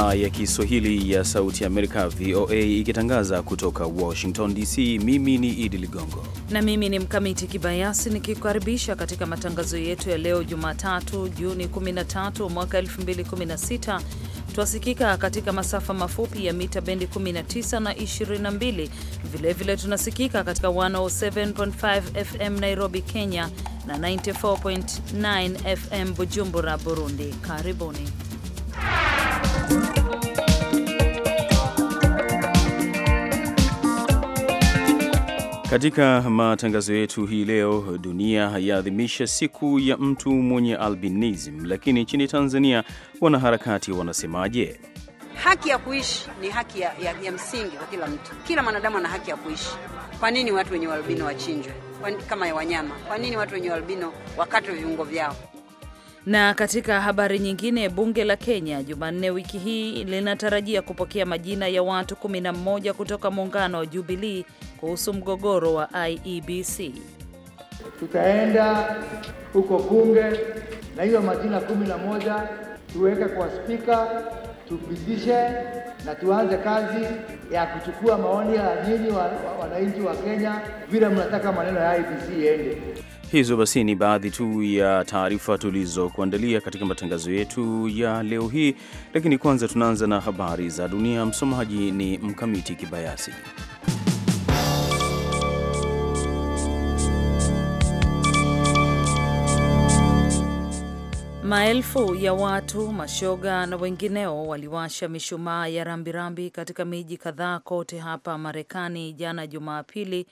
idhaa ya Kiswahili ya Sauti ya Amerika, VOA, ikitangaza kutoka Washington DC. Mimi ni Idi Ligongo na mimi ni Mkamiti Kibayasi nikikukaribisha katika matangazo yetu ya leo Jumatatu, Juni 13 mwaka 2016. Twasikika katika masafa mafupi ya mita bendi 19 na 22. Vilevile vile tunasikika katika 107.5 FM Nairobi, Kenya na 94.9 FM Bujumbura, Burundi. Karibuni. Katika matangazo yetu hii leo, dunia yaadhimisha siku ya mtu mwenye albinism, lakini nchini Tanzania wanaharakati wanasemaje? Haki ya kuishi ni haki ya, ya, ya msingi kwa kila mtu. Kila mwanadamu ana haki ya kuishi. Kwa nini watu wenye albino wachinjwe kama wanyama? Kwa nini watu wenye albino wakatwe viungo vyao? Na katika habari nyingine, bunge la Kenya Jumanne wiki hii linatarajia kupokea majina ya watu 11 kutoka muungano wa Jubilee kuhusu mgogoro wa IEBC. Tutaenda huko bunge na hiyo majina 11 tuweke kwa spika, tupitishe na tuanze kazi ya kuchukua maoni ya nyinyi wananchi wa, wa, wa Kenya vile mnataka maneno ya IEBC iende. Hizo basi ni baadhi tu ya taarifa tulizokuandalia katika matangazo yetu ya leo hii, lakini kwanza tunaanza na habari za dunia. Msomaji ni Mkamiti Kibayasi. Maelfu ya watu, mashoga na wengineo waliwasha mishumaa ya rambirambi katika miji kadhaa kote hapa Marekani jana Jumapili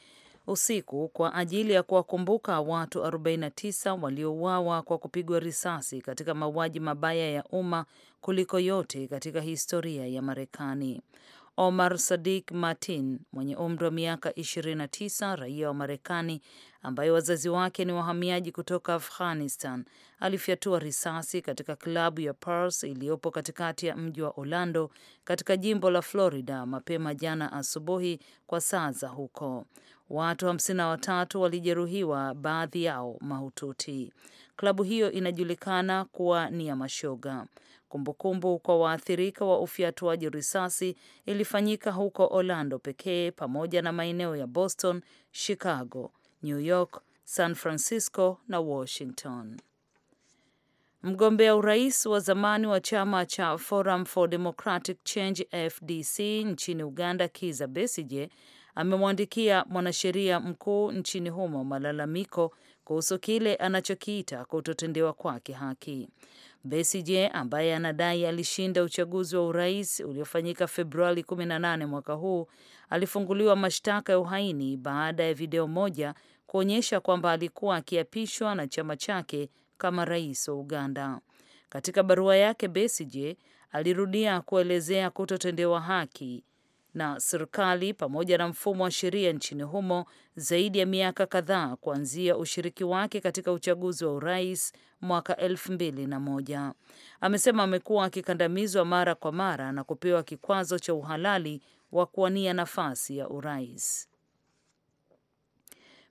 usiku kwa ajili ya kuwakumbuka watu 49 waliouawa kwa kupigwa risasi katika mauaji mabaya ya umma kuliko yote katika historia ya Marekani. Omar Sadik Martin mwenye umri wa miaka 29, raia wa Marekani ambaye wazazi wake ni wahamiaji kutoka Afghanistan, alifyatua risasi katika klabu ya Pulse iliyopo katikati ya mji wa Orlando katika jimbo la Florida mapema jana asubuhi kwa saa za huko. Watu hamsini na watatu walijeruhiwa, baadhi yao mahututi. Klabu hiyo inajulikana kuwa ni ya mashoga. Kumbukumbu kwa waathirika wa ufyatuaji risasi ilifanyika huko Orlando pekee pamoja na maeneo ya Boston, Chicago, New York, San Francisco na Washington. Mgombea urais wa zamani wa chama cha Forum for Democratic Change FDC nchini Uganda, Kiza besije amemwandikia mwanasheria mkuu nchini humo malalamiko kuhusu kile anachokiita kutotendewa kwake haki. Besigye ambaye anadai alishinda uchaguzi wa urais uliofanyika Februari 18 mwaka huu alifunguliwa mashtaka ya uhaini baada ya video moja kuonyesha kwamba alikuwa akiapishwa na chama chake kama rais wa Uganda. Katika barua yake, Besigye alirudia kuelezea kutotendewa haki na serikali pamoja na mfumo wa sheria nchini humo zaidi ya miaka kadhaa kuanzia ushiriki wake katika uchaguzi wa urais mwaka elfu mbili na moja. Amesema amekuwa akikandamizwa mara kwa mara na kupewa kikwazo cha uhalali wa kuwania nafasi ya urais.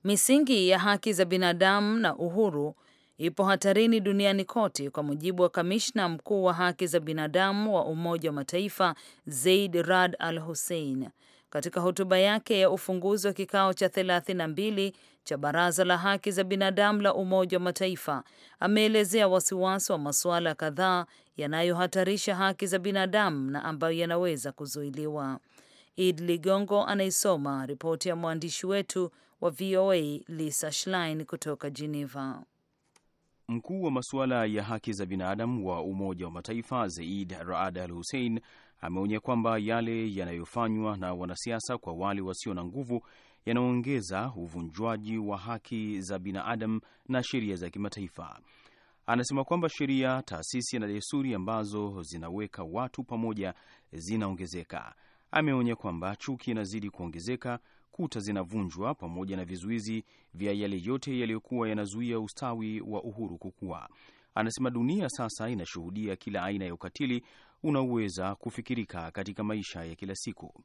Misingi ya haki za binadamu na uhuru ipo hatarini duniani kote, kwa mujibu wa kamishna mkuu wa haki za binadamu wa Umoja wa Mataifa Zaid Rad Al Hussein. Katika hotuba yake ya ufunguzi wa kikao cha 32 cha Baraza la Haki za Binadamu la Umoja wa Mataifa, ameelezea wasiwasi wa masuala kadhaa yanayohatarisha haki za binadamu na ambayo yanaweza kuzuiliwa. Id Ligongo anaisoma ripoti ya mwandishi wetu wa VOA Lisa Schlein kutoka Geneva. Mkuu wa masuala ya haki za binadamu wa Umoja wa Mataifa zaid Raad Al Hussein ameonya kwamba yale yanayofanywa na wanasiasa kwa wale wasio na nguvu yanaongeza uvunjwaji wa haki za binadamu na sheria za kimataifa. Anasema kwamba sheria, taasisi na desturi ambazo zinaweka watu pamoja zinaongezeka ameonya kwamba chuki inazidi kuongezeka, kuta zinavunjwa, pamoja na vizuizi vya yale yote yaliyokuwa yanazuia ustawi wa uhuru kukua. Anasema dunia sasa inashuhudia kila aina ya ukatili unaoweza kufikirika katika maisha ya kila siku.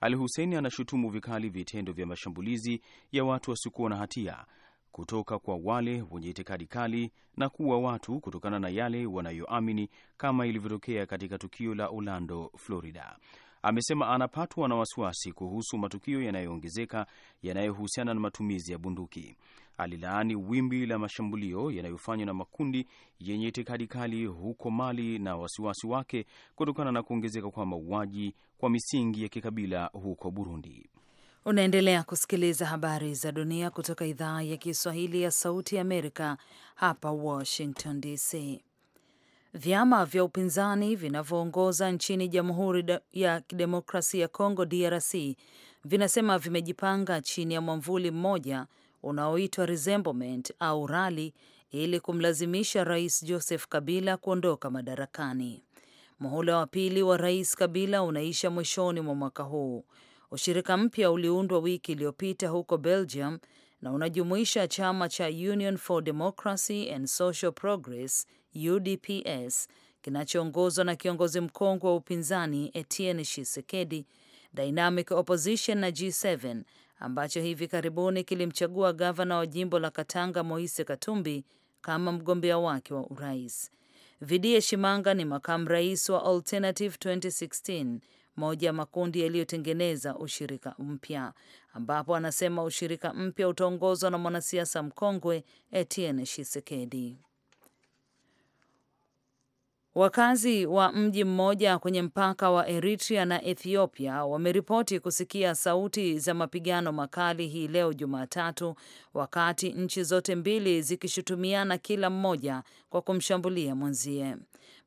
al Hussein anashutumu vikali vitendo vya mashambulizi ya watu wasiokuwa na hatia kutoka kwa wale wenye itikadi kali na kuwa watu kutokana na yale wanayoamini kama ilivyotokea katika tukio la Orlando, Florida amesema anapatwa na wasiwasi kuhusu matukio yanayoongezeka yanayohusiana na matumizi ya bunduki. Alilaani wimbi la mashambulio yanayofanywa na makundi yenye itikadi kali huko Mali na wasiwasi wake kutokana na kuongezeka kwa mauaji kwa misingi ya kikabila huko Burundi. Unaendelea kusikiliza habari za dunia kutoka idhaa ya Kiswahili ya Sauti ya Amerika, hapa Washington DC. Vyama vya upinzani vinavyoongoza nchini Jamhuri ya Kidemokrasia ya Kongo DRC vinasema vimejipanga chini ya mwamvuli mmoja unaoitwa Resemblement au Rali ili kumlazimisha Rais Joseph Kabila kuondoka madarakani. Muhula wa pili wa Rais Kabila unaisha mwishoni mwa mwaka huu. Ushirika mpya uliundwa wiki iliyopita huko Belgium na unajumuisha chama cha Union for Democracy and Social Progress UDPS kinachoongozwa na kiongozi mkongwe wa upinzani Etienne Tshisekedi, Dynamic Opposition na G7 ambacho hivi karibuni kilimchagua gavana wa jimbo la Katanga Moise Katumbi kama mgombea wake wa urais. Vidie Shimanga ni makamu rais wa Alternative 2016, moja ya makundi yaliyotengeneza ushirika mpya, ambapo anasema ushirika mpya utaongozwa na mwanasiasa mkongwe Etienne Shisekedi. Wakazi wa mji mmoja kwenye mpaka wa Eritrea na Ethiopia wameripoti kusikia sauti za mapigano makali hii leo Jumatatu, wakati nchi zote mbili zikishutumiana kila mmoja kwa kumshambulia mwenzie.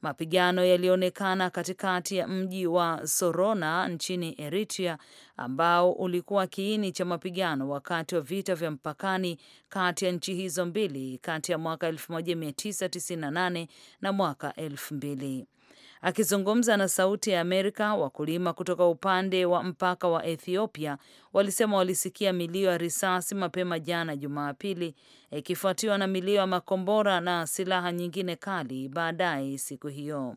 Mapigano yalionekana katikati ya mji wa Sorona nchini Eritrea, ambao ulikuwa kiini cha mapigano wakati wa vita vya mpakani kati ya nchi hizo mbili kati ya mwaka 1998 na mwaka 2000. Akizungumza na Sauti ya Amerika, wakulima kutoka upande wa mpaka wa Ethiopia walisema walisikia milio ya risasi mapema jana Jumapili, ikifuatiwa na milio ya makombora na silaha nyingine kali baadaye siku hiyo.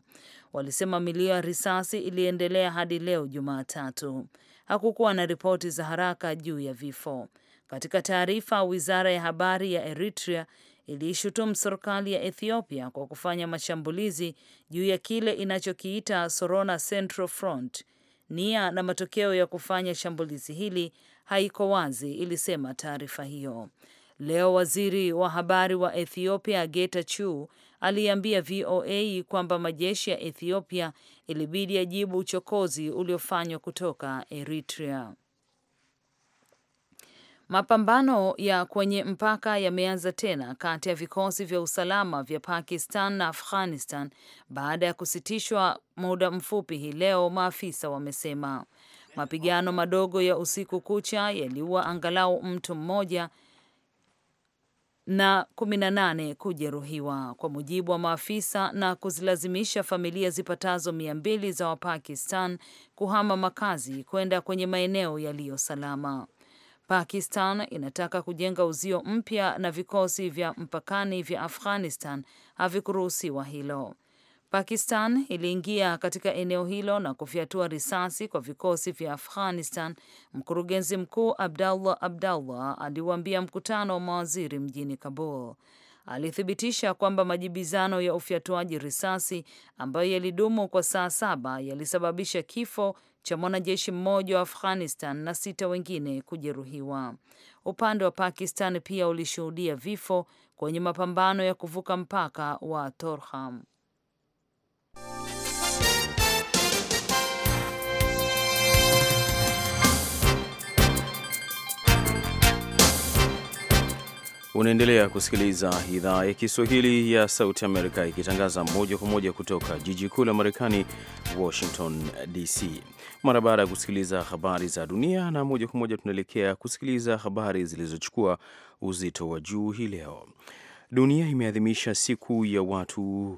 Walisema milio ya risasi iliendelea hadi leo Jumatatu. Hakukuwa na ripoti za haraka juu ya vifo. Katika taarifa, wizara ya habari ya Eritrea iliishutumu serikali ya Ethiopia kwa kufanya mashambulizi juu ya kile inachokiita Sorona Central Front. Nia na matokeo ya kufanya shambulizi hili haiko wazi, ilisema taarifa hiyo. Leo waziri wa habari wa Ethiopia Getachew aliambia VOA kwamba majeshi ya Ethiopia ilibidi yajibu uchokozi uliofanywa kutoka Eritrea. Mapambano ya kwenye mpaka yameanza tena kati ya vikosi vya usalama vya Pakistan na Afghanistan baada ya kusitishwa muda mfupi hii leo, maafisa wamesema. Mapigano madogo ya usiku kucha yaliua angalau mtu mmoja na 18 kujeruhiwa kwa mujibu wa maafisa na kuzilazimisha familia zipatazo mia mbili za Wapakistan kuhama makazi kwenda kwenye maeneo yaliyo salama. Pakistan inataka kujenga uzio mpya na vikosi vya mpakani vya Afghanistan havikuruhusiwa hilo. Pakistan iliingia katika eneo hilo na kufyatua risasi kwa vikosi vya Afghanistan. Mkurugenzi mkuu Abdallah Abdallah aliwaambia mkutano wa mawaziri mjini Kabul. Alithibitisha kwamba majibizano ya ufyatuaji risasi ambayo yalidumu kwa saa saba yalisababisha kifo cha mwanajeshi mmoja wa Afghanistan na sita wengine kujeruhiwa. Upande wa Pakistan pia ulishuhudia vifo kwenye mapambano ya kuvuka mpaka wa Torkham. Unaendelea kusikiliza idhaa ya Kiswahili ya Sauti Amerika ikitangaza moja kwa moja kutoka jiji kuu la Marekani, Washington DC. Mara baada ya kusikiliza habari za dunia, na moja kwa moja tunaelekea kusikiliza habari zilizochukua uzito wa juu hii leo. Dunia imeadhimisha siku ya watu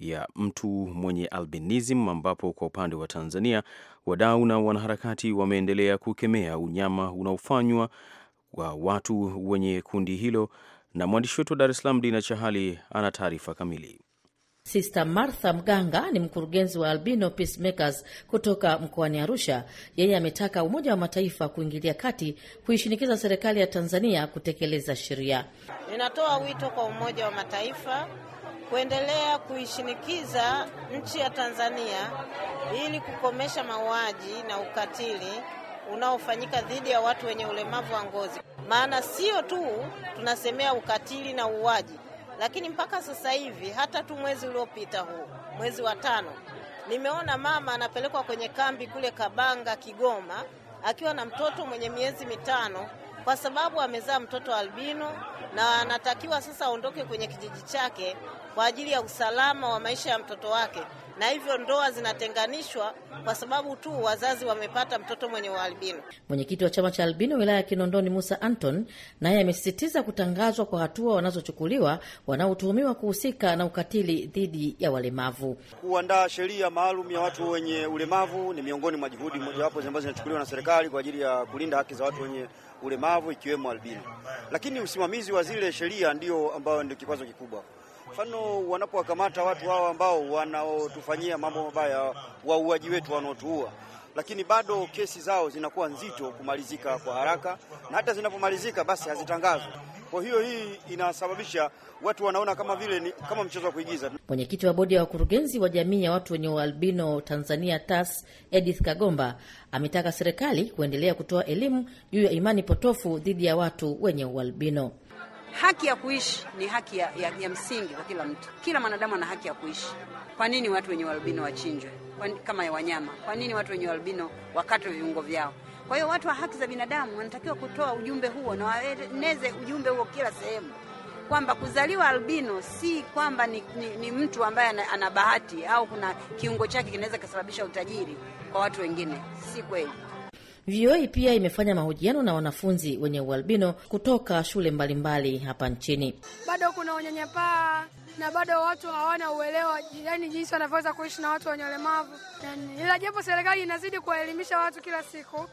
ya mtu mwenye albinism ambapo kwa upande wa Tanzania wadau na wanaharakati wameendelea kukemea unyama unaofanywa wa watu wenye kundi hilo, na mwandishi wetu wa Dar es Salaam Dina Chahali ana taarifa kamili. Sister Martha Mganga ni mkurugenzi wa Albino Peacemakers kutoka mkoani Arusha. Yeye ametaka Umoja wa Mataifa kuingilia kati kuishinikiza serikali ya Tanzania kutekeleza sheria. Ninatoa wito kwa Umoja wa Mataifa kuendelea kuishinikiza nchi ya Tanzania ili kukomesha mauaji na ukatili unaofanyika dhidi ya watu wenye ulemavu wa ngozi. Maana sio tu tunasemea ukatili na uuaji, lakini mpaka sasa hivi hata tu mwezi uliopita huu mwezi wa tano, nimeona mama anapelekwa kwenye kambi kule Kabanga, Kigoma, akiwa na mtoto mwenye miezi mitano kwa sababu amezaa mtoto albino na anatakiwa sasa aondoke kwenye kijiji chake kwa ajili ya usalama wa maisha ya mtoto wake na hivyo ndoa zinatenganishwa kwa sababu tu wazazi wamepata mtoto mwenye ualbino. Mwenyekiti wa chama cha albino wilaya ya Kinondoni, Musa Anton, naye amesisitiza kutangazwa kwa hatua wanazochukuliwa wanaotuhumiwa kuhusika na ukatili dhidi ya walemavu. Kuandaa sheria maalum ya watu wenye ulemavu ni miongoni mwa juhudi mojawapo ambazo zinachukuliwa na serikali kwa ajili ya kulinda haki za watu wenye ulemavu ikiwemo albino, lakini usimamizi wa zile sheria ndio ambayo ndio kikwazo kikubwa. Mfano, wanapowakamata watu hao ambao wanaotufanyia mambo mabaya, wauaji wetu wanaotuua, lakini bado kesi zao zinakuwa nzito kumalizika kwa haraka, na hata zinapomalizika basi hazitangazwi. Kwa hiyo hii inasababisha watu wanaona kama vile ni kama mchezo wa kuigiza. Mwenyekiti wa bodi ya wakurugenzi wa jamii ya watu wenye ualbino Tanzania TAS Edith Kagomba ametaka serikali kuendelea kutoa elimu juu ya imani potofu dhidi ya watu wenye ualbino. Haki ya kuishi ni haki ya, ya, ya msingi kwa kila mtu. Kila mwanadamu ana haki ya kuishi. Kwa nini watu wenye albino wachinjwe kama ya wanyama? Kwa nini watu wenye albino wakatwe viungo vyao? Kwa hiyo watu wa haki za binadamu wanatakiwa kutoa ujumbe huo na waeneze ujumbe huo kila sehemu, kwamba kuzaliwa albino si kwamba ni, ni, ni mtu ambaye ana bahati au kuna kiungo chake kinaweza kusababisha utajiri kwa watu wengine. Si kweli. VOA pia imefanya mahojiano na wanafunzi wenye ualbino kutoka shule mbalimbali mbali hapa nchini. Bado kuna unyanyapaa na bado watu hawana uelewa, yani jinsi wanavyoweza kuishi na watu wenye ulemavu, ila japo serikali inazidi kuwaelimisha watu kila siku,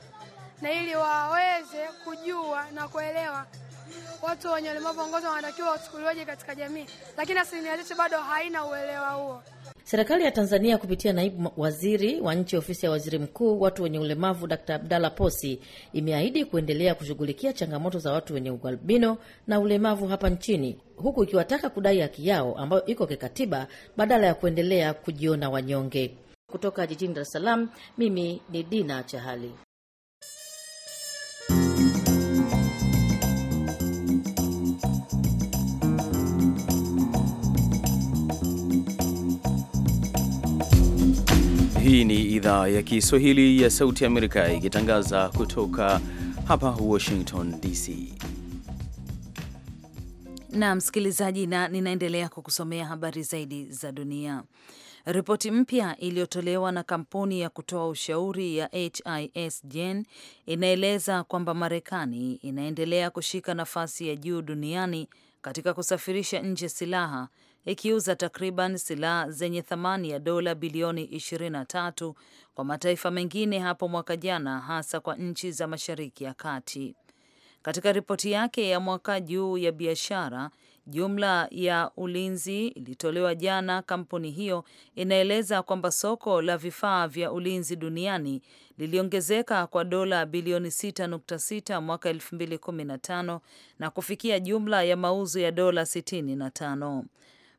na ili waweze kujua na kuelewa watu wenye ulemavu ongozo wanatakiwa wachukuliwaje katika jamii, lakini asilimia chache bado haina uelewa huo. Serikali ya Tanzania kupitia naibu waziri wa nchi ofisi ya waziri mkuu watu wenye ulemavu Dkt. Abdalla Posi imeahidi kuendelea kushughulikia changamoto za watu wenye ualbino na ulemavu hapa nchini, huku ikiwataka kudai haki yao ambayo iko kikatiba badala ya kuendelea kujiona wanyonge. Kutoka jijini Dar es Salaam, mimi ni Dina Chahali. Hii ni idhaa ya Kiswahili ya Sauti Amerika ikitangaza kutoka hapa Washington DC. Na msikilizaji, na ninaendelea kukusomea habari zaidi za dunia. Ripoti mpya iliyotolewa na kampuni ya kutoa ushauri ya HIS Gen inaeleza kwamba Marekani inaendelea kushika nafasi ya juu duniani katika kusafirisha nje silaha ikiuza takriban silaha zenye thamani ya dola bilioni 23 kwa mataifa mengine hapo mwaka jana, hasa kwa nchi za Mashariki ya Kati. Katika ripoti yake ya mwaka juu ya biashara jumla ya ulinzi ilitolewa jana, kampuni hiyo inaeleza kwamba soko la vifaa vya ulinzi duniani liliongezeka kwa dola bilioni 6.6 mwaka 2015 na kufikia jumla ya mauzo ya dola 65.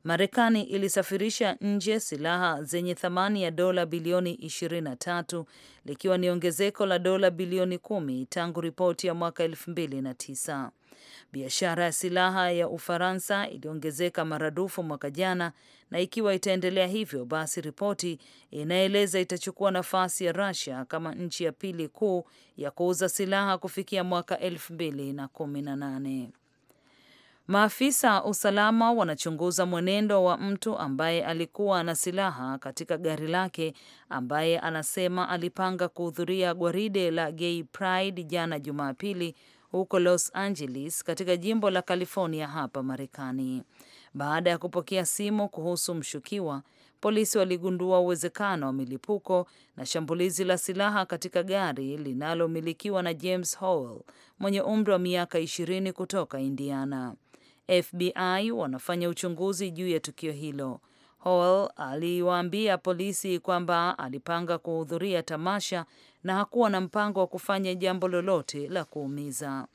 Marekani ilisafirisha nje silaha zenye thamani ya dola bilioni 23 likiwa ni ongezeko la dola bilioni kumi tangu ripoti ya mwaka 2009. Biashara ya silaha ya Ufaransa iliongezeka maradufu mwaka jana, na ikiwa itaendelea hivyo, basi ripoti inaeleza itachukua nafasi ya Russia kama nchi ya pili kuu ya kuuza silaha kufikia mwaka 2018. Maafisa usalama wanachunguza mwenendo wa mtu ambaye alikuwa na silaha katika gari lake ambaye anasema alipanga kuhudhuria gwaride la Gay Pride jana Jumapili huko Los Angeles katika jimbo la California hapa Marekani. Baada ya kupokea simu kuhusu mshukiwa, polisi waligundua uwezekano wa milipuko na shambulizi la silaha katika gari linalomilikiwa na James Howell mwenye umri wa miaka ishirini kutoka Indiana. FBI wanafanya uchunguzi juu ya tukio hilo. Hall aliwaambia polisi kwamba alipanga kuhudhuria tamasha na hakuwa na mpango wa kufanya jambo lolote la kuumiza.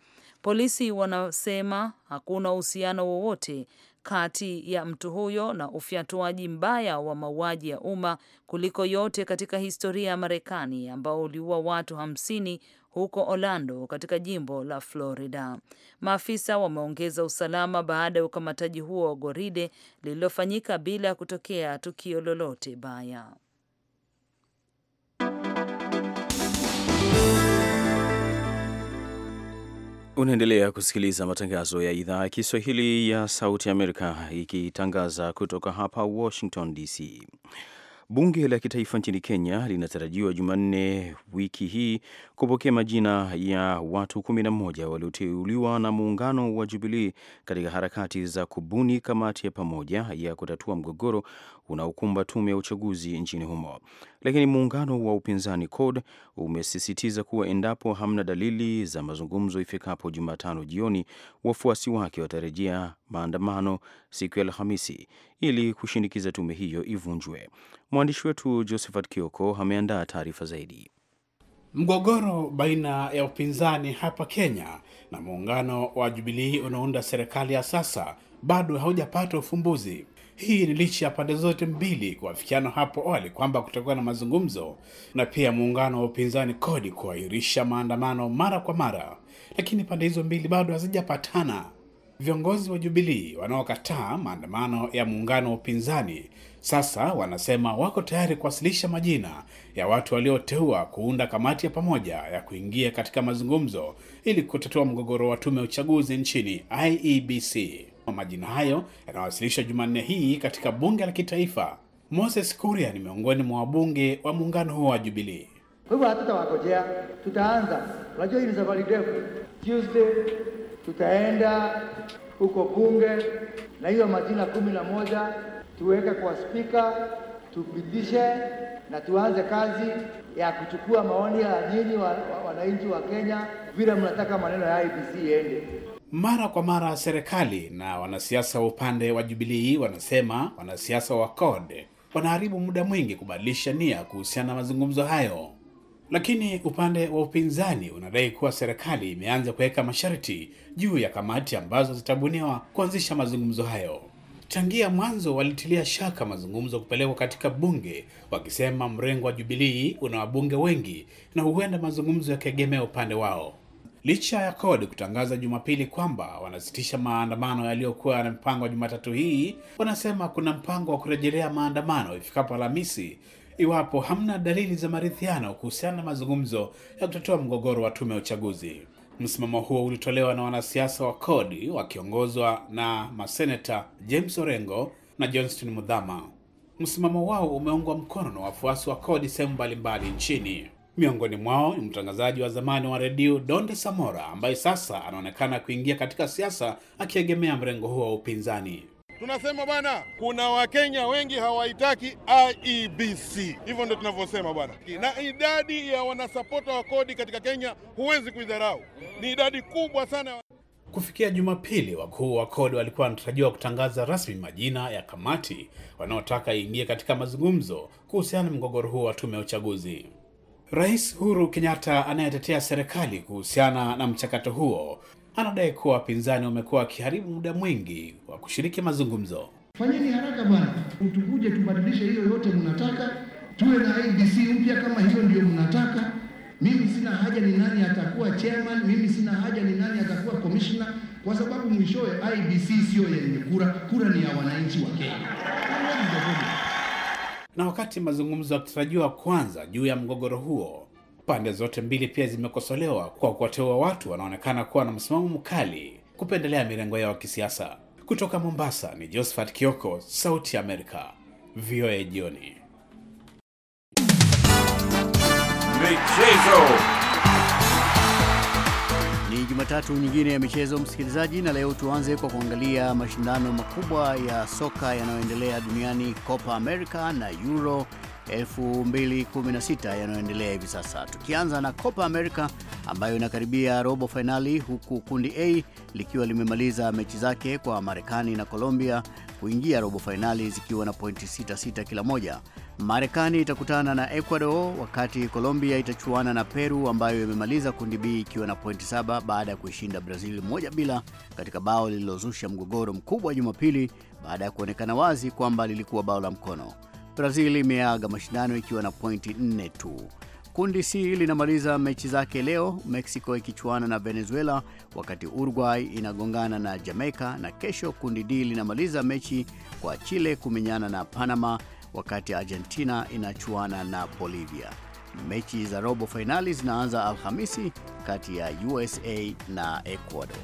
Polisi wanasema hakuna uhusiano wowote kati ya mtu huyo na ufyatuaji mbaya wa mauaji ya umma kuliko yote katika historia ya Marekani ambao uliua watu hamsini huko Orlando katika jimbo la Florida. Maafisa wameongeza usalama baada ya ukamataji huo wa goride lililofanyika bila ya kutokea tukio lolote baya. Unaendelea kusikiliza matangazo ya idhaa ya Kiswahili ya Sauti Amerika ikitangaza kutoka hapa Washington DC. Bunge la kitaifa nchini Kenya linatarajiwa Jumanne wiki hii kupokea majina ya watu 11 walioteuliwa na muungano wa Jubilii katika harakati za kubuni kamati ya pamoja ya kutatua mgogoro unaokumba tume ya uchaguzi nchini humo. Lakini muungano wa upinzani CORD umesisitiza kuwa endapo hamna dalili za mazungumzo ifikapo Jumatano jioni, wafuasi wake watarejea maandamano siku ya Alhamisi ili kushinikiza tume hiyo ivunjwe. Mwandishi wetu Josephat Kioko ameandaa taarifa zaidi. Mgogoro baina ya upinzani hapa Kenya na muungano wa Jubilii unaounda serikali ya sasa bado haujapata ufumbuzi. Hii ni licha ya pande zote mbili kuafikiana hapo awali kwamba kutakuwa na mazungumzo na pia muungano wa upinzani kodi kuahirisha maandamano mara kwa mara, lakini pande hizo mbili bado hazijapatana. Viongozi wa Jubilii wanaokataa maandamano ya muungano wa upinzani sasa wanasema wako tayari kuwasilisha majina ya watu walioteua kuunda kamati ya pamoja ya kuingia katika mazungumzo ili kutatua mgogoro wa tume ya uchaguzi nchini IEBC. Majina hayo yanawasilishwa Jumanne hii katika bunge la kitaifa. Moses Kuria ni miongoni mwa wabunge wa muungano huo wa jubilii Kwa hivyo hatutawakojea, tutaanza. Unajua hii ni safari ndefu. Tuesday tutaenda huko bunge na hiyo majina kumi na moja tuweke kwa spika, tupitishe na tuanze kazi ya kuchukua maoni ya nyinyi wananchi wa, wa, wa Kenya vile mnataka maneno ya IBC iende. Mara kwa mara serikali na wanasiasa wa upande wa Jubilii wanasema wanasiasa wa CORD wanaharibu muda mwingi kubadilisha nia kuhusiana na mazungumzo hayo, lakini upande wa upinzani unadai kuwa serikali imeanza kuweka masharti juu ya kamati ambazo zitabuniwa kuanzisha mazungumzo hayo. Changia mwanzo walitilia shaka mazungumzo kupelekwa katika bunge, wakisema mrengo wa Jubilii una wabunge wengi na huenda mazungumzo yakiegemea upande wao licha ya kodi kutangaza Jumapili kwamba wanasitisha maandamano yaliyokuwa na mpango Jumatatu hii, wanasema kuna mpango wa kurejelea maandamano ifikapo Alhamisi iwapo hamna dalili za maridhiano kuhusiana na mazungumzo ya kutotoa mgogoro wa tume ya uchaguzi. Msimamo huo ulitolewa na wanasiasa wa kodi wakiongozwa na maseneta James Orengo na Johnston Mudhama. Msimamo wao umeungwa mkono na wafuasi wa kodi sehemu mbalimbali nchini. Miongoni mwao ni mtangazaji wa zamani wa redio Donde Samora ambaye sasa anaonekana kuingia katika siasa akiegemea mrengo huo wa upinzani. Tunasema bwana, kuna Wakenya wengi hawaitaki IEBC, hivyo ndio tunavyosema bwana. Na idadi ya wanasapota wa kodi katika Kenya huwezi kuidharau, ni idadi kubwa sana. Kufikia Jumapili, wakuu wa kodi walikuwa wanatarajiwa kutangaza rasmi majina ya kamati wanaotaka iingie katika mazungumzo kuhusiana na mgogoro huo wa tume ya uchaguzi. Rais Uhuru Kenyatta anayetetea serikali kuhusiana na mchakato huo anadai kuwa wapinzani wamekuwa wakiharibu muda mwingi wa kushiriki mazungumzo. Fanyeni haraka bwana, utukuje tubadilishe hiyo yote mnataka, tuwe na IBC mpya kama hiyo ndio mnataka. Mimi sina haja ni nani atakuwa chairman, mimi sina haja ni nani atakuwa commissioner, kwa sababu mwishowe IBC siyo yenye kura, kura ni ya wananchi wa Kenya. Na wakati mazungumzo yakitarajiwa kwanza juu ya mgogoro huo, pande zote mbili pia zimekosolewa kwa kuwateua watu wanaonekana kuwa na msimamo mkali kupendelea mirengo yao ya kisiasa. Kutoka Mombasa ni Josephat Kioko, Sauti ya Amerika, VOA Jioni. Michezo. Jumatatu nyingine ya michezo, msikilizaji, na leo tuanze kwa kuangalia mashindano makubwa ya soka yanayoendelea duniani, Copa America na Euro 2016 yanayoendelea hivi sasa, tukianza na Copa America ambayo inakaribia robo fainali, huku kundi A likiwa limemaliza mechi zake kwa Marekani na Colombia kuingia robo fainali zikiwa na pointi 66 kila moja. Marekani itakutana na Ecuador wakati Colombia itachuana na Peru ambayo imemaliza kundi B ikiwa na pointi saba baada ya kuishinda Brazil moja bila katika bao lililozusha mgogoro mkubwa Jumapili baada ya kuonekana wazi kwamba lilikuwa bao la mkono. Brazil imeaga mashindano ikiwa na pointi nne tu. Kundi C linamaliza mechi zake leo, Mexico ikichuana na Venezuela, wakati Uruguay inagongana na Jamaica, na kesho kundi D linamaliza mechi kwa Chile kumenyana na Panama wakati Argentina inachuana na Bolivia. Mechi za robo fainali zinaanza Alhamisi kati ya USA na Ecuador.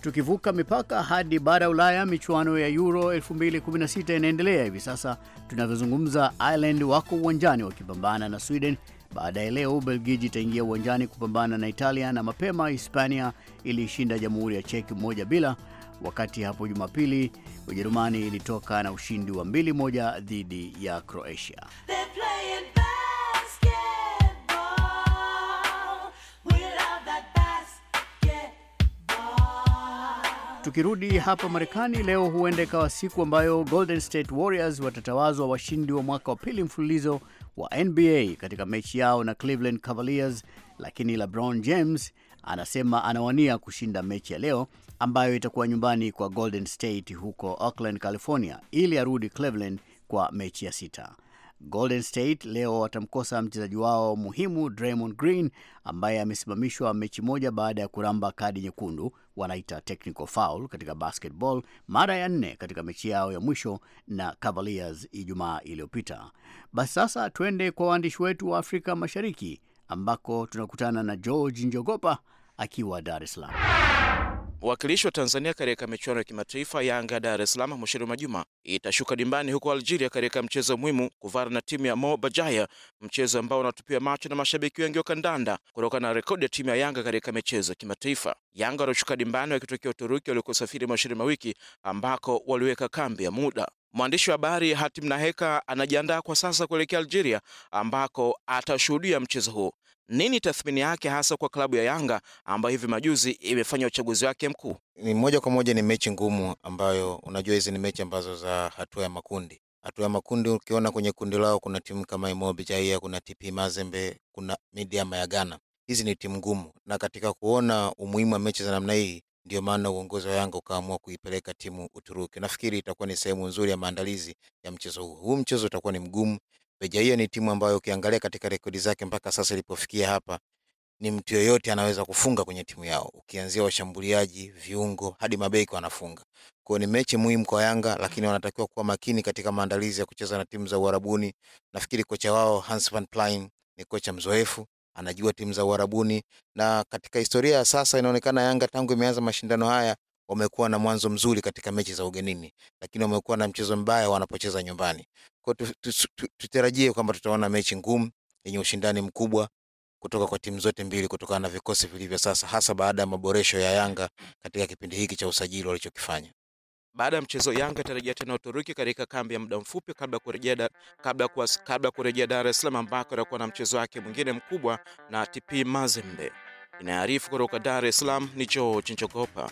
Tukivuka mipaka hadi bara ya Ulaya, michuano ya Euro 2016 inaendelea hivi sasa tunavyozungumza. Ireland wako uwanjani wakipambana na Sweden. Baadaye leo Ubelgiji itaingia uwanjani kupambana na Italia, na mapema Hispania iliishinda jamhuri ya Cheki moja bila, wakati hapo Jumapili Ujerumani ilitoka na ushindi wa mbili moja dhidi ya Croatia. Tukirudi hapa Marekani leo, huenda ikawa siku ambayo Golden State Warriors watatawazwa washindi wa mwaka wa pili mfululizo wa NBA katika mechi yao na Cleveland Cavaliers, lakini LeBron James anasema anawania kushinda mechi ya leo ambayo itakuwa nyumbani kwa Golden State huko Oakland, California, ili arudi Cleveland kwa mechi ya sita. Golden State leo watamkosa mchezaji wao muhimu Draymond Green ambaye amesimamishwa mechi moja baada ya kuramba kadi nyekundu, wanaita technical foul katika basketball, mara ya nne katika mechi yao ya mwisho na Cavaliers Ijumaa iliyopita. Basi sasa twende kwa waandishi wetu wa Afrika Mashariki ambako tunakutana na George Njogopa akiwa Dar es Salaam. Mwakilishi wa Tanzania katika michuano ya kimataifa Yanga ya Dar es Salaam mwishoni mwa juma itashuka dimbani huko Algeria katika mchezo muhimu kuvana na timu ya Mo Bajaya, mchezo ambao unatupia macho na mashabiki wengi wa kandanda kutokana na rekodi ya timu ya Yanga katika michezo ya kimataifa. Yanga wanashuka dimbani wakitokea Uturuki waliokusafiri mwishoni mwa wiki ambako waliweka kambi ya muda. Mwandishi wa habari Hatim Naheka anajiandaa kwa sasa kuelekea Algeria ambako atashuhudia mchezo huo. Nini tathmini yake hasa kwa klabu ya Yanga ambayo hivi majuzi imefanya uchaguzi wake mkuu? Ni moja kwa moja, ni mechi ngumu ambayo unajua hizi ni mechi ambazo za hatua ya makundi. Hatua ya makundi, ukiona kwenye kundi lao kuna timu kama Imobi Jaia, kuna TP Mazembe, kuna Midiama ya Ghana. Hizi ni timu ngumu, na katika kuona umuhimu wa mechi za namna hii ndio maana uongozi wa Yanga ukaamua kuipeleka timu Uturuki. Nafikiri itakuwa ni sehemu nzuri ya maandalizi ya mchezo huu. Huu mchezo utakuwa ni mgumu, beja hiyo ni timu ambayo ukiangalia katika rekodi zake mpaka sasa ilipofikia hapa, ni mtu yoyote anaweza kufunga kwenye timu yao, ukianzia washambuliaji, viungo hadi mabeki wanafunga. Kwa ni mechi muhimu kwa Yanga, lakini wanatakiwa kuwa makini katika maandalizi ya kucheza na timu za Uarabuni. Nafikiri kocha wao Hans van Plain ni kocha mzoefu, anajua timu za Uarabuni, na katika historia ya sasa inaonekana Yanga tangu imeanza mashindano haya wamekuwa na mwanzo mzuri katika mechi za ugenini, lakini wamekuwa na mchezo mbaya wanapocheza nyumbani. Kwa tutarajie kwamba tutaona mechi ngumu yenye ushindani mkubwa kutoka kwa timu zote mbili kutokana na vikosi vilivyo sasa, hasa baada ya maboresho ya Yanga katika kipindi hiki cha usajili walichokifanya. Baada ya mchezo Yanga itarejea tena Uturuki katika kambi ya muda mfupi kabla kurejea kabla kwa kabla kurejea Dar es Salaam ambako itakuwa na mchezo wake mwingine mkubwa na TP Mazembe. Inaarifu kutoka Dar es Salaam ni Joe Chinchokopa.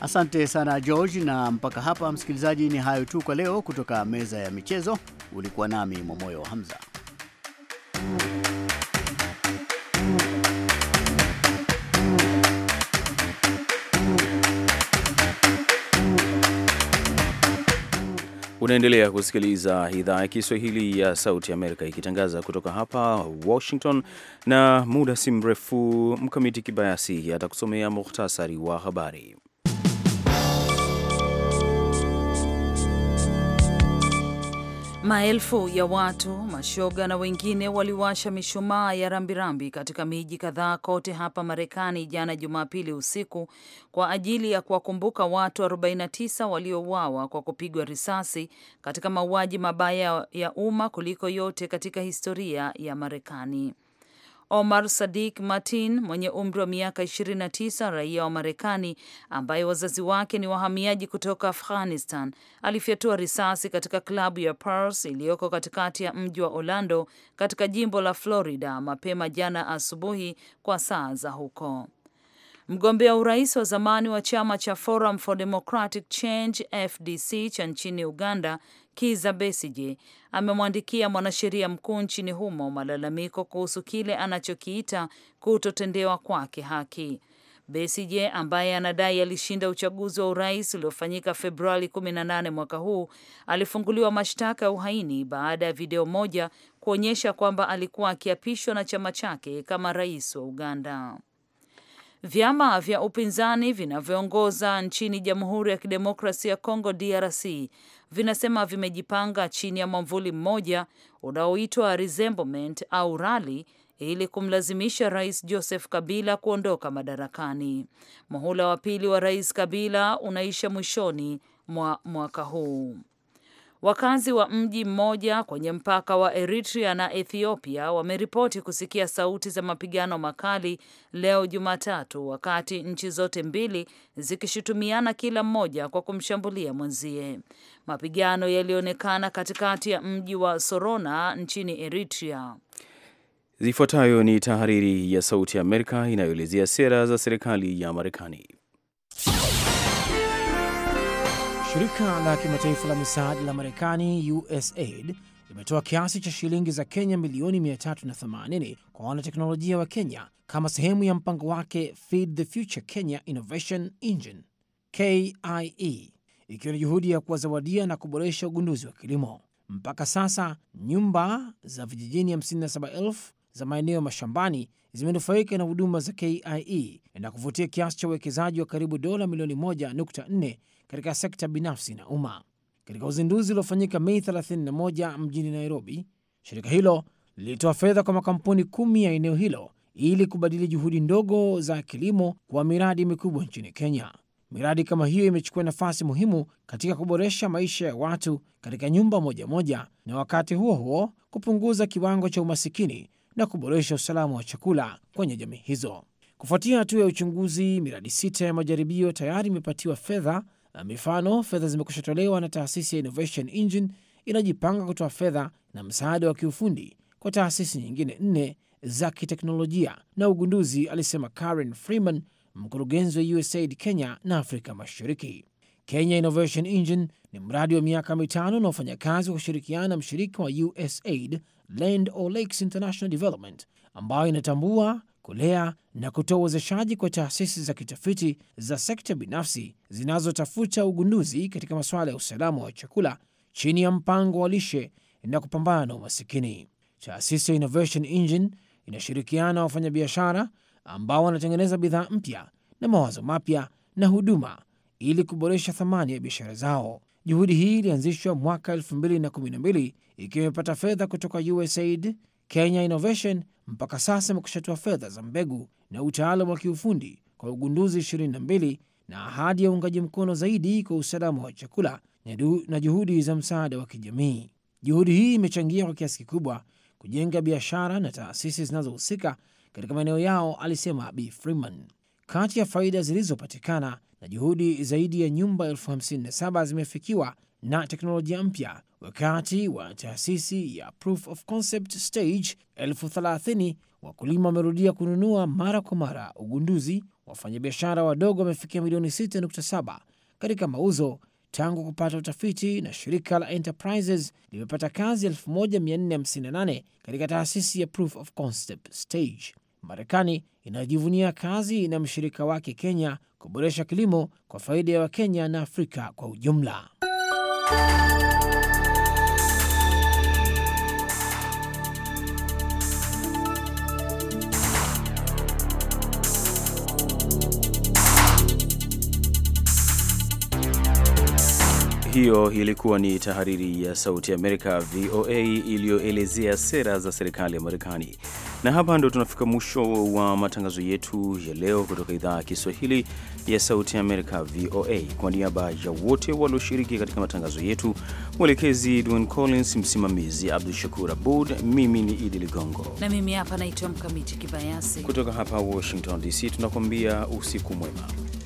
Asante sana George, na mpaka hapa msikilizaji, ni hayo tu kwa leo kutoka meza ya michezo. Ulikuwa nami Momoyo Hamza. Unaendelea kusikiliza idhaa ya Kiswahili ya Sauti Amerika ikitangaza kutoka hapa Washington, na muda si mrefu Mkamiti Kibayasi atakusomea muhtasari wa habari. Maelfu ya watu, mashoga na wengine waliwasha mishumaa ya rambirambi katika miji kadhaa kote hapa Marekani jana Jumapili usiku kwa ajili ya kuwakumbuka watu 49 waliouawa kwa kupigwa risasi katika mauaji mabaya ya umma kuliko yote katika historia ya Marekani. Omar Sadik Martin mwenye umri wa miaka 29, raia wa Marekani ambaye wazazi wake ni wahamiaji kutoka Afghanistan, alifyatua risasi katika klabu ya Pars iliyoko katikati ya mji wa Orlando katika jimbo la Florida mapema jana asubuhi kwa saa za huko. Mgombea urais wa zamani wa chama cha Forum for Democratic Change FDC cha nchini Uganda Kiza Besije amemwandikia mwanasheria mkuu nchini humo malalamiko kuhusu kile anachokiita kutotendewa kwake haki. Besije ambaye anadai alishinda uchaguzi wa urais uliofanyika Februari 18 mwaka huu alifunguliwa mashtaka ya uhaini baada ya video moja kuonyesha kwamba alikuwa akiapishwa na chama chake kama rais wa Uganda. Vyama vya upinzani vinavyoongoza nchini Jamhuri ya Kidemokrasia ya Kongo DRC vinasema vimejipanga chini ya mwamvuli mmoja unaoitwa Resemblement au Rali ili kumlazimisha Rais Joseph Kabila kuondoka madarakani. Muhula wa pili wa Rais Kabila unaisha mwishoni mwa mwaka huu. Wakazi wa mji mmoja kwenye mpaka wa Eritrea na Ethiopia wameripoti kusikia sauti za mapigano makali leo Jumatatu, wakati nchi zote mbili zikishutumiana kila mmoja kwa kumshambulia mwenzie. Mapigano yalionekana katikati ya mji wa Sorona nchini Eritrea. Zifuatayo ni tahariri ya Sauti ya Amerika inayoelezea sera za serikali ya Marekani. Shirika la kimataifa la misaada la Marekani, USAID, limetoa kiasi cha shilingi za Kenya milioni 380 kwa wanateknolojia wa Kenya kama sehemu ya mpango wake Feed the Future Kenya Innovation Engine KIE, ikiwa ni juhudi ya kuwazawadia na kuboresha ugunduzi wa kilimo. Mpaka sasa nyumba za vijijini 57 za maeneo mashambani zimenufaika na huduma za KIE na kuvutia kiasi cha uwekezaji wa karibu dola milioni 1.4 katika sekta binafsi na umma. Katika uzinduzi uliofanyika Mei 31 mjini Nairobi, shirika hilo lilitoa fedha kwa makampuni kumi ya eneo hilo ili kubadili juhudi ndogo za kilimo kwa miradi mikubwa nchini Kenya. Miradi kama hiyo imechukua nafasi muhimu katika kuboresha maisha ya watu katika nyumba moja moja, na wakati huo huo kupunguza kiwango cha umasikini na kuboresha usalama wa chakula kwenye jamii hizo. Kufuatia hatua ya uchunguzi, miradi sita ya majaribio tayari imepatiwa fedha Mifano, fedha zimekushotolewa tolewa na taasisi ya Innovation Engine inajipanga kutoa fedha na msaada wa kiufundi kwa taasisi nyingine nne za kiteknolojia na ugunduzi, alisema Karen Freeman, mkurugenzi wa USAID Kenya na Afrika Mashariki. Kenya Innovation Engine ni mradi wa miaka mitano na wafanyakazi wa kushirikiana na mshirika wa USAID Land O'Lakes International Development, ambayo inatambua kulea na kutoa uwezeshaji kwa taasisi za kitafiti za sekta binafsi zinazotafuta ugunduzi katika masuala ya usalama wa chakula chini ya mpango wa lishe na kupambana na umasikini. Taasisi ya Innovation Engine inashirikiana na wafanyabiashara ambao wanatengeneza bidhaa mpya na mawazo mapya na huduma ili kuboresha thamani ya biashara zao. Juhudi hii ilianzishwa mwaka 2012 ikiwa imepata fedha kutoka USAID Kenya Innovation mpaka sasa imekushatoa fedha za mbegu na utaalamu wa kiufundi kwa ugunduzi 22 na ahadi ya uungaji mkono zaidi kwa usalama wa chakula na juhudi za msaada wa kijamii. Juhudi hii imechangia kwa kiasi kikubwa kujenga biashara na taasisi zinazohusika katika maeneo yao, alisema B Freeman. Kati ya faida zilizopatikana na juhudi, zaidi ya nyumba elfu 57 zimefikiwa na teknolojia mpya wakati wa taasisi ya proof of concept stage elfu thelathini wakulima wamerudia kununua mara kwa mara. Ugunduzi, wafanyabiashara wadogo wamefikia milioni 6.7 katika mauzo tangu kupata utafiti, na shirika la Enterprises limepata kazi 1458 katika taasisi ya proof of concept stage. Marekani inajivunia kazi na mshirika wake Kenya kuboresha kilimo kwa faida ya Wakenya na Afrika kwa ujumla. Bye. Hiyo ilikuwa ni tahariri ya Sauti ya Amerika VOA iliyoelezea sera za serikali ya Marekani. Na hapa ndo tunafika mwisho wa matangazo yetu ya leo kutoka idhaa ya Kiswahili ya Sauti ya Amerika VOA. Kwa niaba ya wote walioshiriki katika matangazo yetu, mwelekezi Dwayne Collins, msimamizi Abdu Shakur Abud, mimi ni Idi Ligongo na mimi hapa naitwa Mkamiti Kibayasi kutoka hapa Washington DC, tunakuambia usiku mwema.